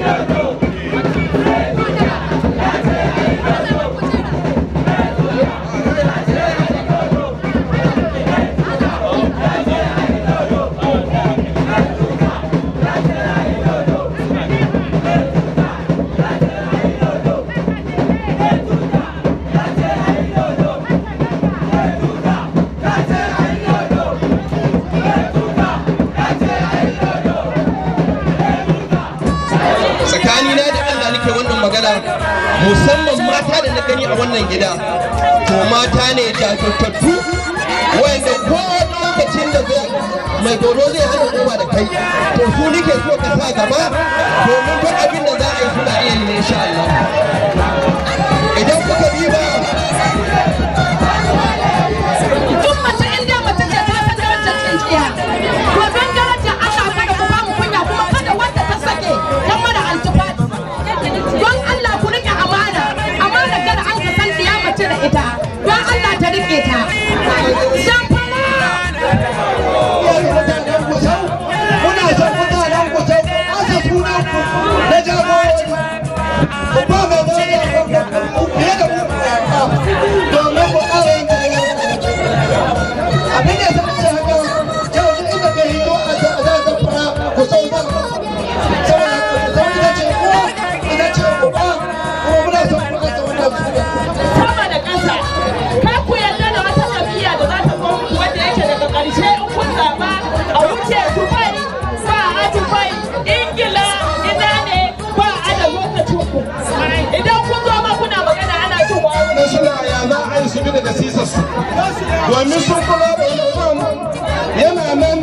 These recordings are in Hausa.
Together. musamman mata da na gani a wannan gida to mata ne jajirtattu wanda ko lokacin da mai doro zai hana koma da kai to su nike so ka sa gaba domin duk abin da za a yi suna iya yi sha Allah idan kuka bi ba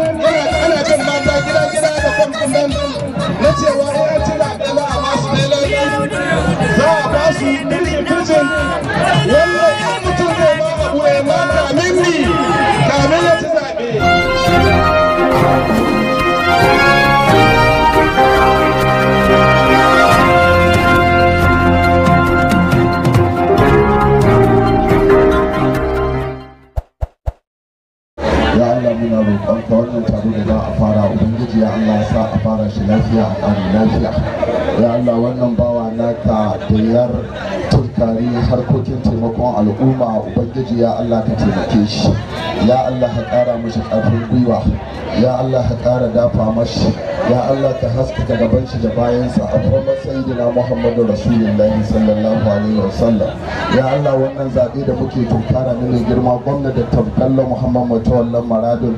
ana jin mata gida gida da kwamfin nan na cewa in ci zaɓe za a ba su za a ba su birjin birjin wannan ji ya Allah ka taimake shi ya Allah ka ƙara mashi ƙarfin gwiwa ya Allah ka ƙara dafa mashi ya Allah ka haskaka gaban shi da bayansa a kuma sayyidina Muhammadu Rasulullahi sallallahu alaihi wasallam ya Allah wannan zaɓe da muke tunkara ne mai girma gwamnati da tabballa Muhammadu Tawallan Maradun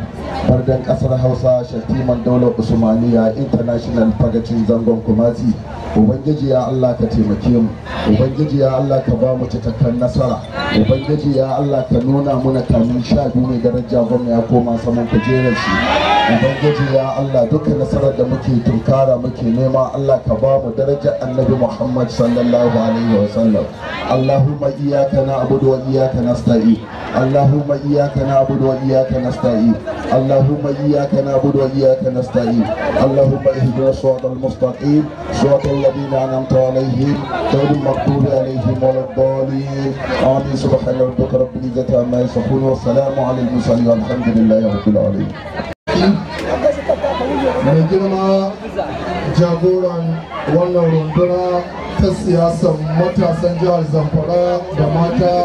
bardan kasar hausa shatiman daular usmaniya international fagacin zangon kumasi ubangiji ya allah ka taimake mu ubangiji ya allah ka ba mu cikakken nasara ubangiji ya allah ka nuna muna kamin sha biyu mai daraja gwamna ya koma saman kujerar shi ubangiji ya Allah duka nasarar da muke tunkara muke nema Allah ka ba mu darajar annabi Muhammad sallallahu alaihi wa Allahumma iyyaka na'budu wa iyyaka nasta'in Allahumma iyyaka na'budu wa iyyaka nasta'in Allahumma iyyaka na'budu wa iyyaka nasta'in Allahumma ihdina siratal mustaqim siratal ladzina an'amta alaihim ghayril maghdubi alaihim waladdallin آمين سبحان ربك رب العزة عما يصفون والسلام على المرسلين والحمد لله رب العالمين mai girma jagoran wannan runduna ta siyasar matasan jihar zamfara da mata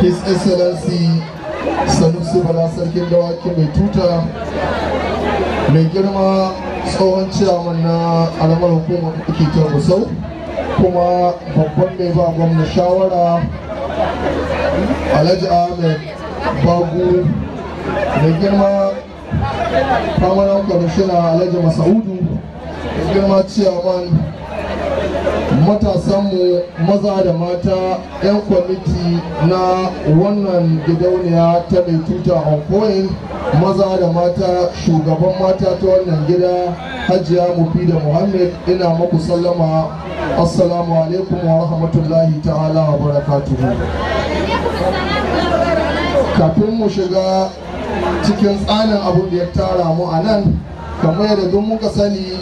his excellency sanusi bala sarkin dawaki mai tuta mai girma tsohon ciyaman na alamar hukumar ke ta musau kuma babban mai ba gwamna shawara alhaji ahmed bagu mai girma permanent commissioner alhaji masaudu da girma man matasanmu maza da mata 'yan kwamiti na wannan gidauniya ta mai tuta ongoing maza da mata shugaban mata ta wannan gida hajiya da muhammad ina maku sallama assalamu alaikum wa rahmatullahi ta'ala wa barakatuhu kafin mu shiga cikin tsanin abin da ya tara mu a nan kamar yadda duk muka sani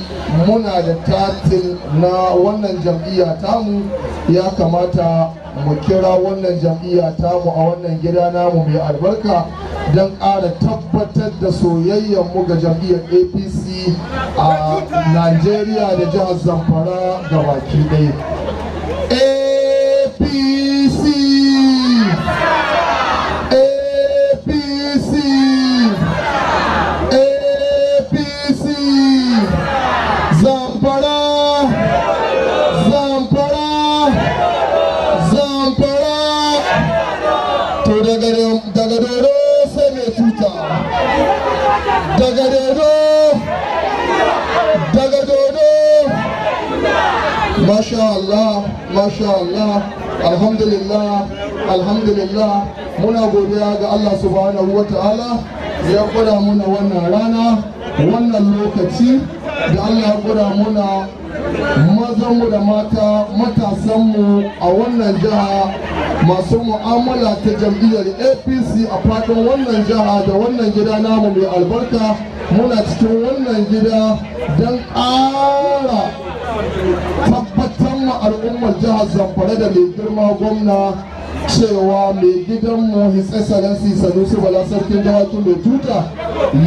muna da tatil na wannan jam'iyya tamu ya kamata mu kira wannan jam'iyya tamu a wannan gida namu mai albarka don ƙara tabbatar da soyayyar mu ga jam'iyyar apc a najeriya da jihar zamfara ga baki ɗaya masha Allah alhamdulillah alhamdulillah muna godiya ga Allah subhanahu wa ta'ala ya kura muna wannan rana wannan lokaci da Allah ya muna mazanmu da mata matasanmu a wannan jiha masu mu'amala ta jam'iyyar apc a fadin wannan jiha da wannan gida namu mai albarka muna cikin wannan gida don ƙara kuma al'ummar jihar zamfara da mai girma gwamna cewa mai gidanmu his excellency sanusi bala sarkin dawakin mai tuta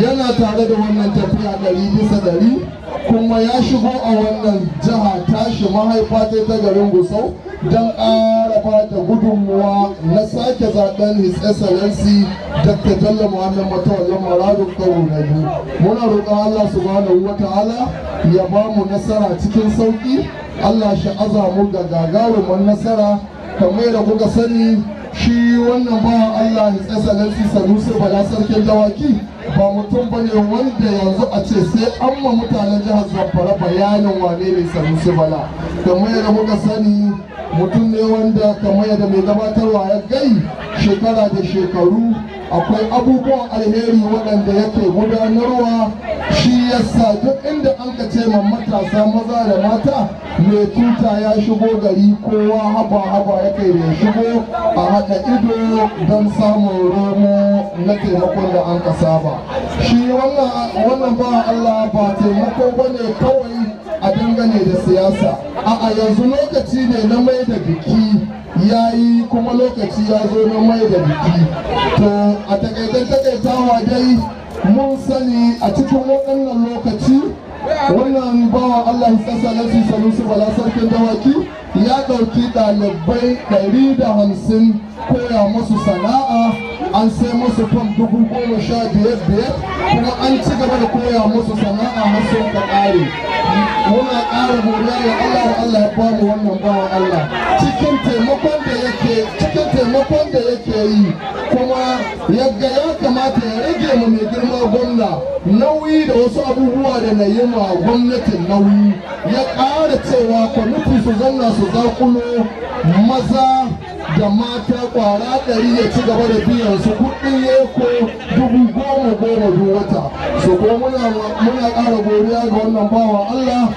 yana tare da wannan tafiya ɗari bisa ɗari kuma ya shigo a wannan jiha tashi mahaifa ta garin gusau don ƙara fata gudunmuwa na sake zaben his excellency dr jalla muhammad matawalla maradun kawo na biyu muna roƙon allah subhanahu wa ta'ala ya ba mu nasara cikin sauƙi Allah shi azamu ga gagarumin nasara kamar da kuka sani shi wannan ba Allah ya tsasa sanu sanusi bala sarkin dawaki ba mutum bane wanda yanzu a ce sai an ma mutanen jihar zamfara bayanin wane ne sanusi bala kamar da kuka sani mutum ne wanda kamar da mai gabatarwa ya gai shekara da shekaru akwai abubuwan alheri waɗanda yake gudanarwa shi yasa duk inda an ka ce man matasa maza da mata mai tuta ya shigo gari kowa haba haba ya kai da shigo a haɗa ido don samun romo na taimakon da an ka saba shi wannan ba Allah ba taimako bane kawai a dangane da siyasa a yanzu lokaci ne na mai da biki ya yi kuma lokaci ya zo na mai da biki to a takaitan takaitawa dai mun sani a cikin waɗannan lokaci wannan bawa Allah sassa na su bala sarkin dawaki ya ɗauki ɗalibai ɗari da hamsin koya musu sana'a an sai musu fam dubu goma sha biyar biyar kuma an ci gaba da koya musu sana'a musu ka ƙare muna ƙara godiya ga Allah da Allah ya ba wannan bawan Allah cikin taimakon da yake cikin taimakon da yake yi kuma yadda ya kamata ya rage mu mai girma gwamna nauyi da wasu abubuwa da na yi ma gwamnatin nauyi ya ƙara cewa kwamiti su zanna su zakulo maza da mata kwara ɗari ya ci gaba da biyan su kuɗin yeko dubu goma goma duk wata so ko muna ƙara godiya ga wannan bawa Allah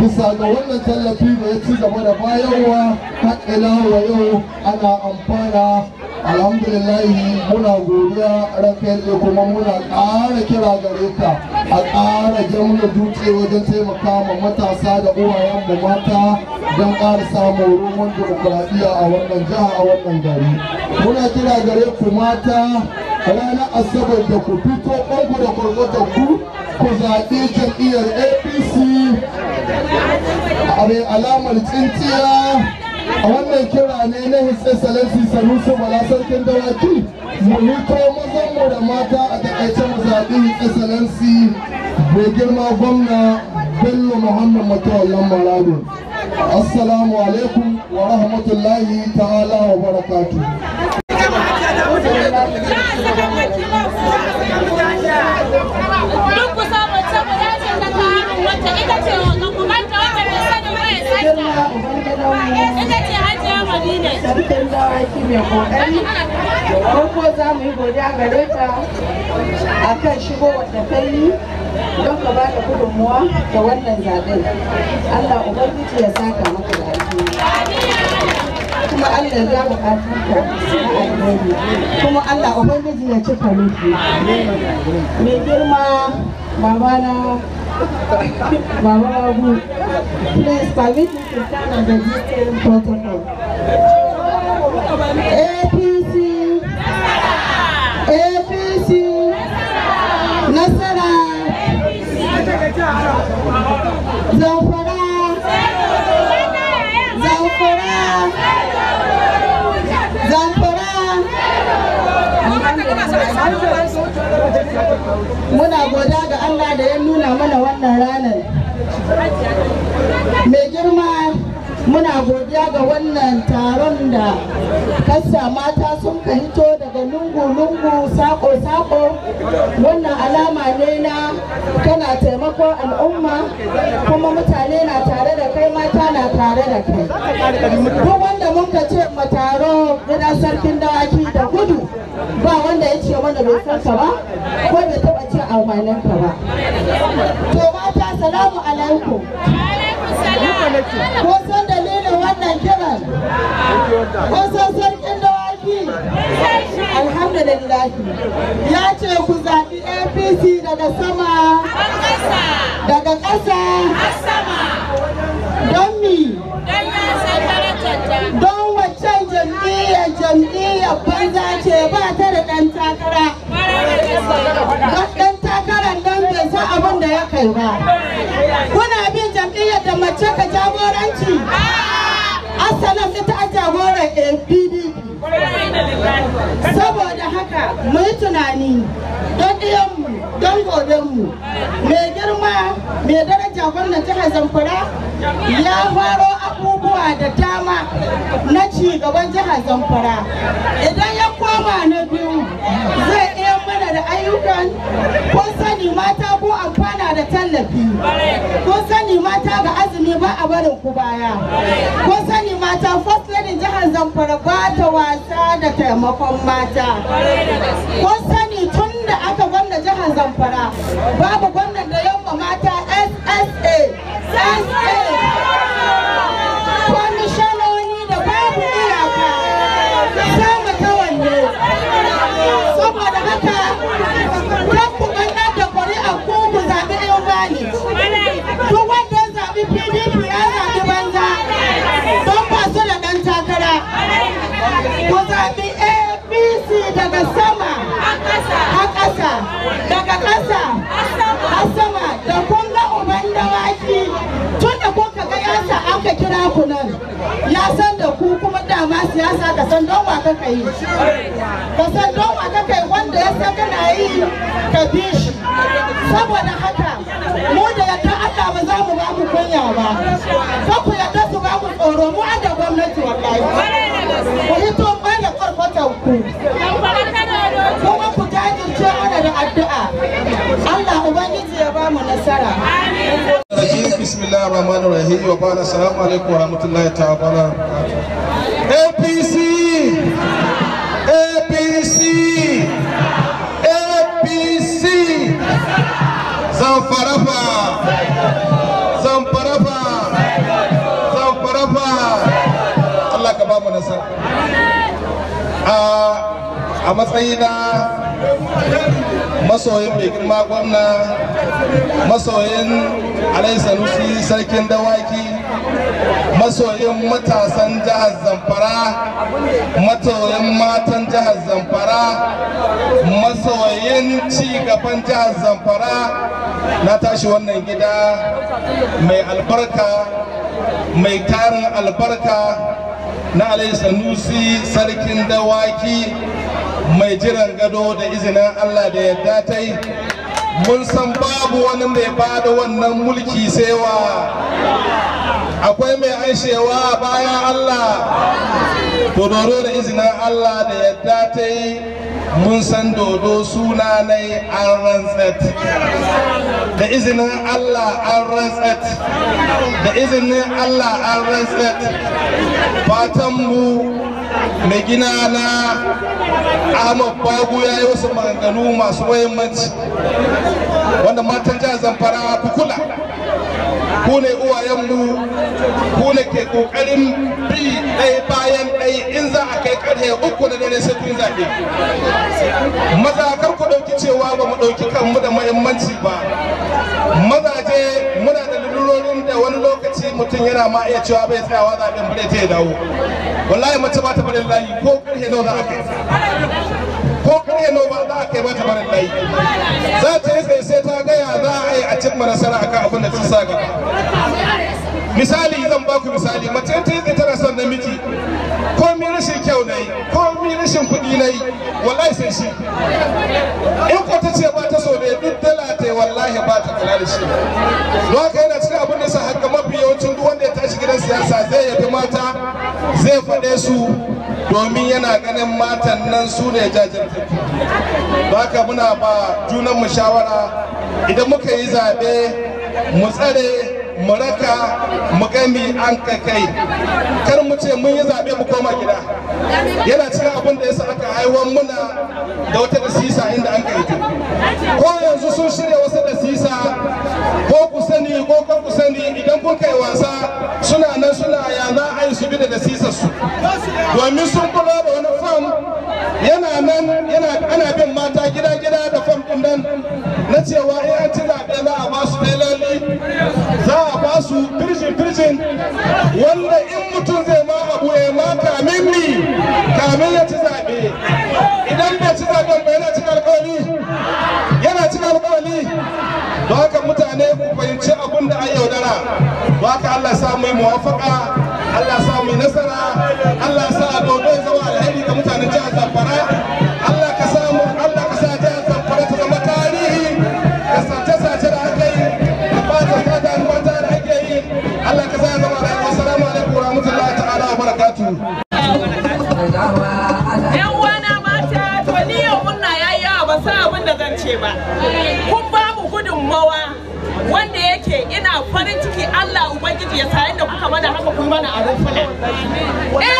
bisa ga wannan tallafi da ya ci gaba da bayarwa har ila wa yau ana amfana alhamdulillahi muna godiya rafael kuma muna ƙara kira gare ka a ƙara jamna dutse wajen taimaka ma matasa da mu mata don ƙara samun ruwan demokuraɗiyya a wannan jiha a wannan gari muna kira gare ku mata ranar asabar da ku fito ɓanku da kwarkwatar ku ku zaɓi jam'iyyar apc a mai alamar tsintiya a wannan kira ne na his excellency sanusi bala sarkin dawaki mu hito mazan mu da mata a takaice mu zaɓi his excellency mai girma gwamna bello muhammad matawallan marado assalamu alaikum wa rahmatullahi ta'ala wa barakatuh mai kokari farko za mu yi godiya gare ta a kan shigowar da ka yi don ka ba da gudunmuwa ga wannan zaɓen allah ubangiji ya saka maka kuma allah ya bukatu ka kuma allah ubangiji ya cika miki mai girma babana Mama Abu, please permit me to stand on the detailed protocol. APC APC Nasara Zamfara Zamfara Zamfara Muna goda ga Allah da ya nuna mana wannan ranar. Mai girma muna godiya ga wannan taron da kasa mata sun fahimto daga lungu-lungu sako-sako wannan alama ne na kana taimako al'umma kuma mutane na tare da kai mata na tare da kai duk wanda mun ka ce ma taro gida, sarkin dawaki da gudu ba wanda ya ce wanda bai san ka ba ko bai taba ce amanan ka ba to mata salamu alaikum ko kiran wasu sarkin dawaki ya ce ku zaɓi apc daga sama ƙasa don mi don waccan jam'iyyar jam'iyyar banza ce ba ta da ɗan takara ɗan takarar nan bai san abin da ya kai ba kuna bin jam'iyyar da mace ka jagoranci assalam ita a jagoran pdp saboda haka mu tunani don ɗiyanmu don gobenmu mai girma mai daraja gwamnan jihar zamfara ya faro abubuwa da dama na ci gaban jihar zamfara idan ya koma na biyu zai iya mana da ayyukan ko sani mata ko amfana da tallafi kun sani mata ga ba a barin ku baya ko sani mata first lady jihar zamfara ba ta wasa da taimakon mata ko sani tun da aka gwamna jihar zamfara babu gwamnan da yamma mata ssa daga ƙasa a sama da kun ga uban dawaki tun da kuka ga yasa aka kira ku nan ya san da ku kuma dama siyasa ka san don wa kaka yi ka san don wa wanda ya san kana yi ka bi shi saboda haka mu da yadda Allah ba za mu ba ku kunya ba ka ku yadda su ba tsoro mu an da gwamnati wallahi الله الرحمن الرحيم وبعد السلام عليكم ورحمة APC APC APC Zamfarafa Zamfarafa Zamfarafa Allah ka ba mu nasara a matsayina masoyin mai girma gwamna masoyin alaisanusi sarkin dawaki masoyin matasan jihar zamfara masoyin matan jihar zamfara masoyin cigaban jihar zamfara na tashi wannan gida mai albarka mai tarin albarka na alaisanusi sarkin dawaki mai jiran gado da izinin Allah da yadda ta yi mun san babu wani mai bada wannan mulki saiwa akwai mai aishewa bayan Allah dodoro da izinin Allah da yadda ta yi mun san dodo suna nai an rantsat da izinin Allah an rantsat da izinin Allah an rantsat mu mai gina na ahmad bagu ya yi wasu maganganu masu muhimmanci wanda matan jihar zamfara ku kula ku ne uwayenmu ku ne ke kokarin bi ɗaya bayan ɗaya in za a kai ƙarfe uku da dare sai kun zaɓe maza kar ku ɗauki cewa ba mu ɗauki kanmu da muhimmanci ba mazaje muna wanda wani lokaci mutum yana ma iya cewa bai wa zaɓen bare ta ya dawo wallahi mace ba ta barin layi ko karhe nawa za a kai ko karhe nawa ba za a kai ba ta barin layi za ta yi sai ta gaya za a yi a cimma nasara akan abin da ta sa gaba misali zan baku misali mace ta yi tana son namiji ko mi rashin kyau na yi ko mi rashin kuɗi na yi wallahi sai shi in ko ta ce ba ta so ne duk dala ta yi wallahi ba ta kula da shi don haka yana cikin abin da sa haka mafi yawancin duk wanda ya tashi gidan siyasa zai yabi mata zai faɗe su domin yana ganin matan nan su ne jajirtattu don haka muna ba junanmu shawara idan muka yi zaɓe mu tsare mu raka mu gani an ka kai kar mu ce mun yi zaɓe mu koma gida yana cikin abin da ya yasa aka haiwan muna da wata dasisa inda an kai ta ko yanzu sun shirya wasu dasisa ko ku sani ko kar ku sani idan kun kai wasa suna nan suna ya za a yi su bi da dasisar su domin sun kula da wani fam yana nan yana ana bin mata gida gida da fam din nan na cewa in an ci zaɓe za a ba su za a ba su firjin firjin wanda in mutum zai ma abu ya ma kamin ni kamin ya ci zaɓe idan bai ci zaɓe ba yana cin alƙawari yana cin alƙawari ba ka mutane ku fahimci abin da an yaudara ba ka Allah sa mu yi muwafaka Allah sa mu yi nasara Allah sa a dodo zama alheri ga mutanen jihar Zamfara Allah ka samu Allah ka sa jihar Zamfara ta zama tarihi kasance mana haka kuma na abin fada.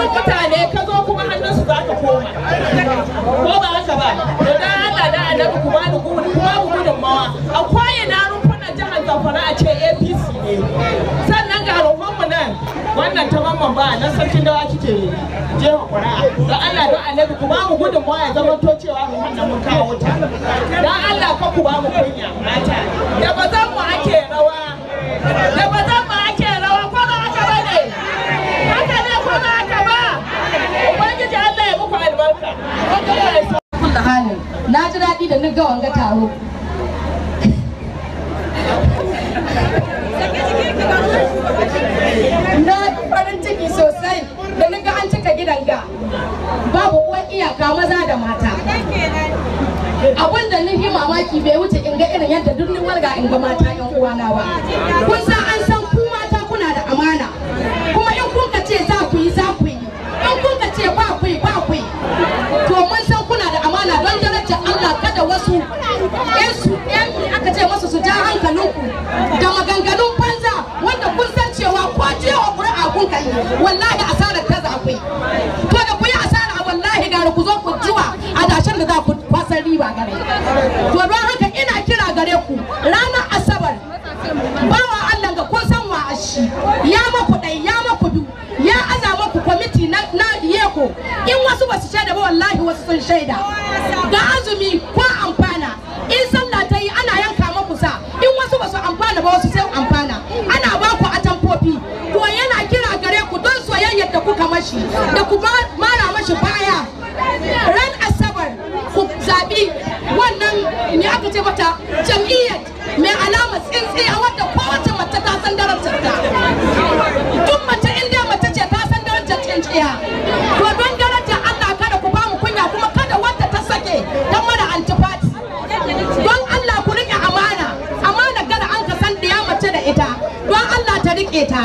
hannun mutane ka zo kuma hannun su zaka koma ko ba haka ba da dan Allah da annabi ku ba gudun ku ba gudunmawa a koyina rumfunan jihar Zamfara a ce APC ne sannan ga rumfunmu nan wannan ta mamman ba nan sarkin dawa kike jefa ƙuri'a don Allah da annabi ku ba mu gudunmawa ya zama to cewa rumfun da mun kawo ta don Allah ka ku ba mu kunya mata da ba daɗi da na ga taro na farin ciki sosai da na ga an cika gidan ga babu uwan iyaka maza da mata abin da ni mamaki bai wuce in ga irin yadda duk ni walga in ga mata yan uwana ba kun san ce musu su ja hankalinku da maganganun banza wanda kun san cewa ko wa ƙuri'a kun kai wallahi asarar ta za ku to da ku yi asara wallahi gara ku zo ku jiwa a dashen da za ku kwasan riba gare to don haka ina kira gare ku ranar asabar bawa Allah ga kun san wa ashi ya maku ɗai ya maku biyu ya aza maku kwamiti na yeko in wasu ba su shaida ba wallahi wasu sun shaida ga azumi ko amfani mashi da ku mara mashi baya ran asabar ku zaɓi wannan ne aka ce mata jam'iyyar mai alama tsintsi a wadda kowace mace ta san darajar ta duk mace inda mace ce ta san darajar tsintsiya to don darajar Allah kada ku ba mu kunya kuma kada wadda ta sake don mara antifati don Allah ku riƙe amana amana kada an ka san diya mace da ita don Allah ta riƙe ta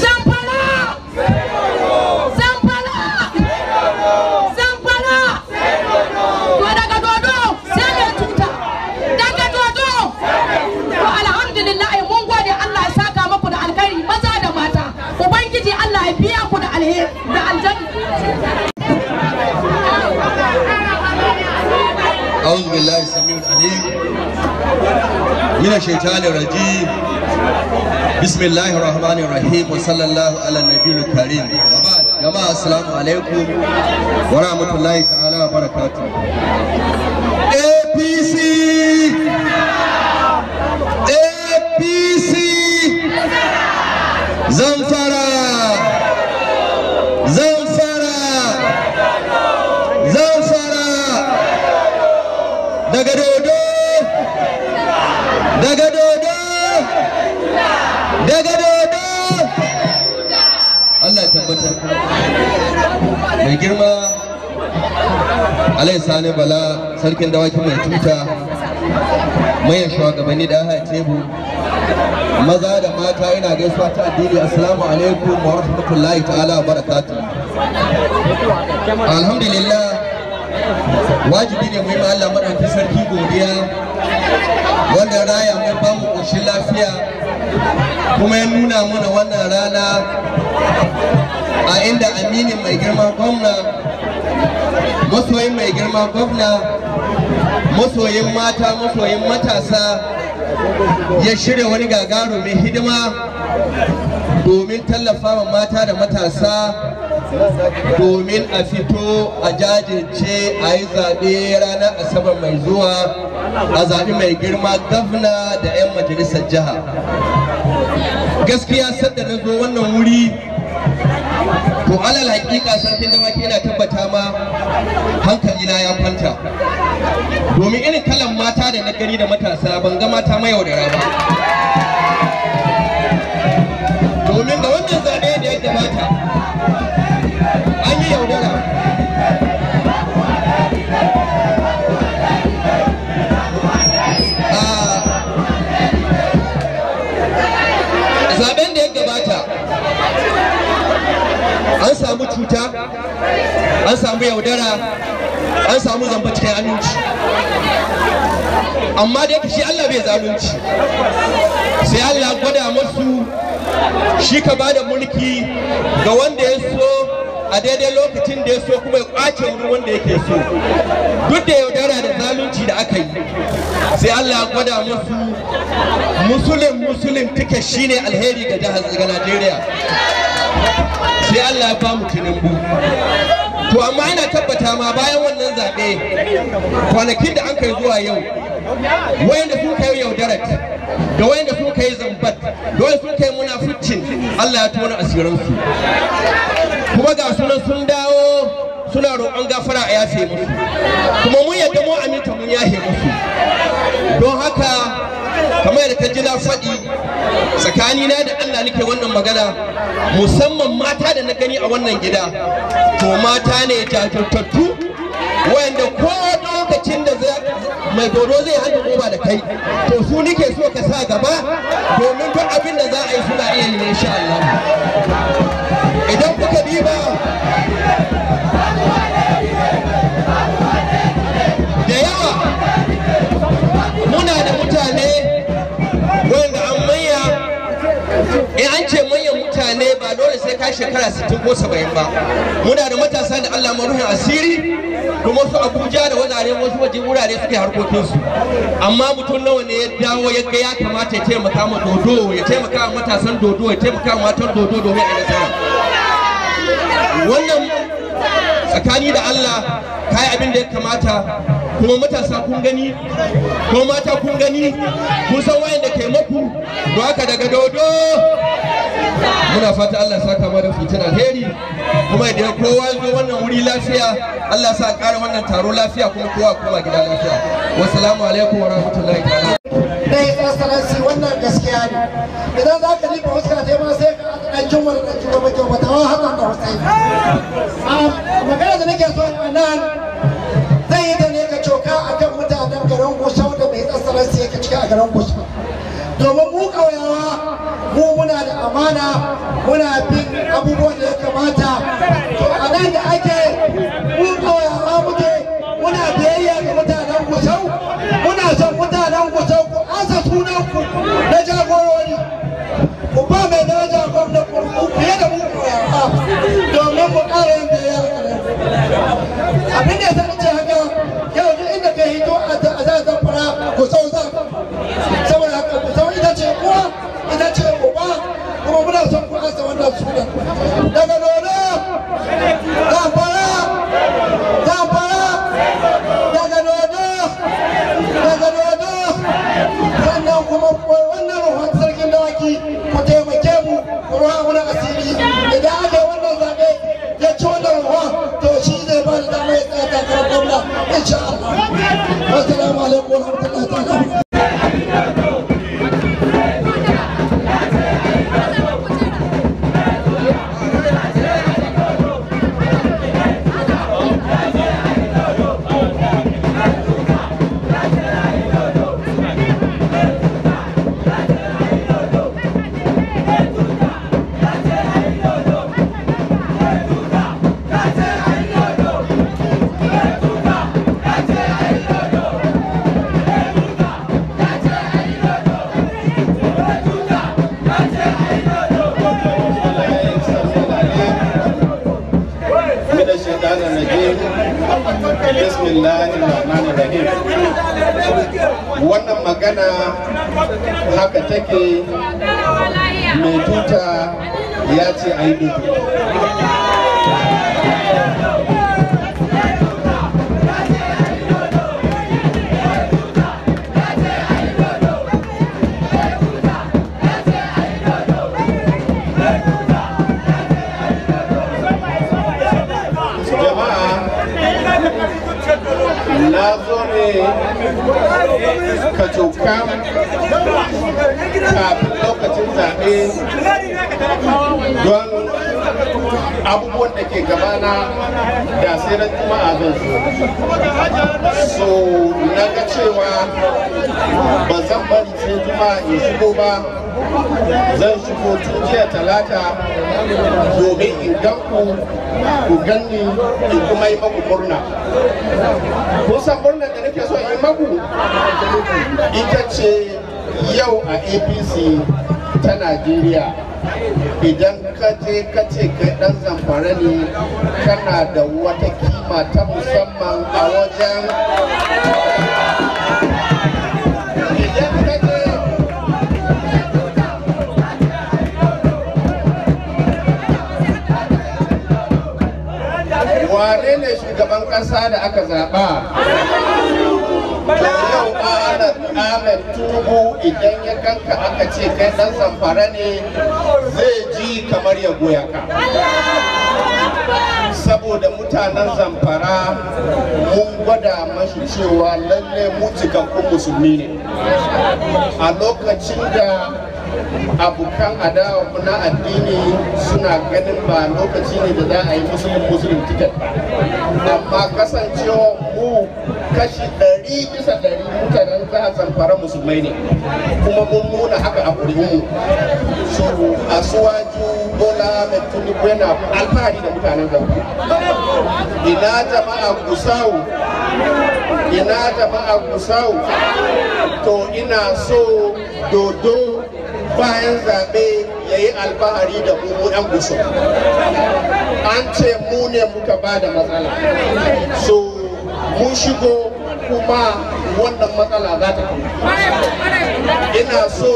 zamfara أعوذ بالله السميع العليم من الشيطان الرجيم بسم الله الرحمن الرحيم وصلى الله على النبي الكريم جماعة السلام عليكم ورحمة الله تعالى وبركاته alai sani bala sarkin dawaki mai tuta mayan shugabanni da haya tebu maza da mata ina gaisuwa ta addini assalamu alaikum wa rahmatullahi ta'ala wa barakatuh alhamdulillah wajibi ne muhimmin Allah madaukakin sarki godiya wanda raya mai bamu ƙoshin lafiya kuma ya nuna mana wannan rana a inda aminin mai girma gwamna masoyin mai girma gwamna masoyin mata masoyin matasa ya shirya wani gagarumin hidima domin tallafawa mata da matasa domin a fito a jajirce a yi zaɓe ranar asabar mai zuwa a zaɓi mai girma gafna da 'yan majalisar jiha gaskiya sadda na zo wannan wuri to alal hakika sarkin dawaki yana tabbata ma hankali na ya kwanta domin irin kalan mata da na gani da matasa ban ga mata mai yaudara ba domin da wannan zaɓe da ya gabata an samu cuta an samu yaudara an samu zamba cikin aminci amma da yake shi Allah bai zalunci sai Allah gwada masu shi ka ba da mulki ga wanda ya so a daidai lokacin da ya so kuma ya kwace wurin wanda yake so duk da yaudara da zalunci da aka yi sai Allah ya gwada musu musulun musulun tike shine alheri ga jihar ga Najeriya sai Allah ya bamu tinubu to amma ina tabbata ma bayan wannan zaɓe kwanakin da an kai zuwa yau wayanda sun kai yaudarat da wayanda sun kai zambat da wayanda sun kai munafucin Allah ya tona asiransu kuma ga sunan sun dawo suna roƙon gafara a yafe musu kuma mun yadda mu aminta mun yafe musu don haka kamar da ta ji na faɗi tsakanina da Allah nake wannan magana musamman mata da na gani a wannan gida to mata ne jajirtattu wanda ko lokacin da mai goro zai hada goba da kai to su nike so ka sa gaba domin duk abin da za a yi suna iya yi insha Allah idan kuka diba da yawa muna da mutane wanda an manya in eh, an ce manyan mutane ba dole sai ka shekara 60 ko 70 ba muna da matasa da Allah maruhin asiri kuma su abuja da wurare wasu waje wurare suke harkokinsu amma mutum nawa ne ya dawo ya ga ya kamata ya taimaka ma dodo ya taimaka ma matasan dodo ya taimaka ma matan dodo domin a nasara wannan tsakani da Allah kai abin da ya kamata kuma matasa kun gani ko mata kun gani kun san wayanda ke maku don haka daga dodo muna fata Allah ya saka mana fitina alheri kuma idan kowa zo wannan wuri lafiya Allah sa ƙara wannan taro lafiya kuma kowa kuma gida lafiya wassalamu alaikum wa rahmatullahi ta'ala dai excellency wannan gaskiya ne idan za ka liba fuska sai ma sai ka ɗan jumar ɗan fatawan hassan da hussein a magana da nake so a nan zai yi da ne ka coka a kan mutanen garin gusau da mai tsasarar su yake cika a garin gusau domin mu ƙauyawa mu muna da amana muna bin abubuwan da ya kamata to a nan da ake fiye da muku domin ya ce haka yau duk inda ka hito a zama. take mai tuta ya ce a yi ka coka kafin lokacin zaɓe don abubuwan da ke gabana da sai na juma'a zan so na ga cewa ba zan bari sai juma'a in shigo ba zan shigo tun jiya talata domin in gan ku ku ganni in kuma yi maku murna san murna da nake so yi maku ita ce yau a apc ta najeriya idan ka je ka ce kai dan zamfara ne kana da wata kima ta musamman a wajen wane ne shugaban ƙasa da aka zaɓa yau ahmed tubu idan ya kanka aka ce kai ɗan zamfara ne zai ji kamar ya goya ka saboda mutanen zamfara mun gwada mashi cewa lalle mu cikakkun musulmi ne a lokacin da abokan adawa na addini suna ganin ba lokaci ne da za a yi musulun musulun tiket ba amma kasancewa mu kashi ɗari bisa ɗari mutanen jihar zamfara musulmai ne kuma mun nuna haka a mu so suwaju bola mai tuni yana alfahari da mutanen zamfara ina jama'a gusau ina jama'a gusau to ina so dodo bayan zaɓe ya yi alfahari da mu ɗan gushu an ce mu ne muka ba da matsala so mu shigo kuma wannan matsala za ta ina so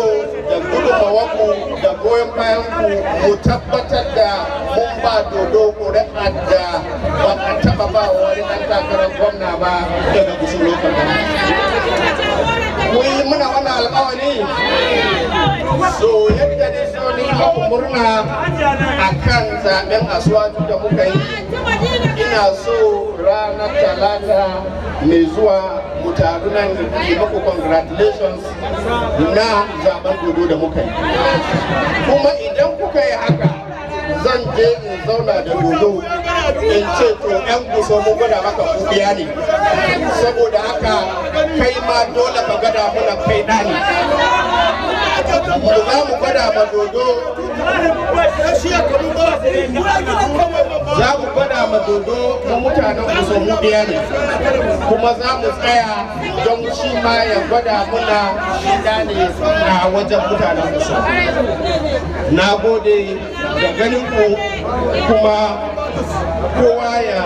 da mawaku da goyon bayan ku mu tabbatar da mun ba dodo ƙuri'a da ba a taɓa ba wani ɗan takarar gwamna ba daga gushin lokacin. muna wani alƙawari so yadda dai sani abu murna a kan zaben asuwatu da muka yi ina so ranar talata mai zuwa mu taru nan da muku congratulations na zaben dodo da muka yi kuma idan kuka yi haka zan je in zauna da dodo in ce to yan guso mun gwada maka kubiya ne saboda haka kai ma dole ka gwada mana kai da ne za mu gwada ma dodo za mu gwada ma dodo mu mutanen guso mu biya ne kuma za mu tsaya don shi ma ya gwada muna shi da ne a wajen mutanen guso na gode da ganin ku kuma kowa ya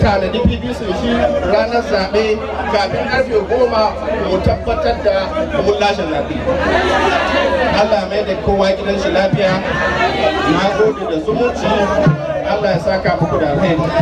tanadi bbc shi ranar zaɓe kafin karfe goma mu tabbatar da mun lashe zaɓe allah mai da kowa gidan shi lafiya na gode da zumunci allah ya saka muku da alheri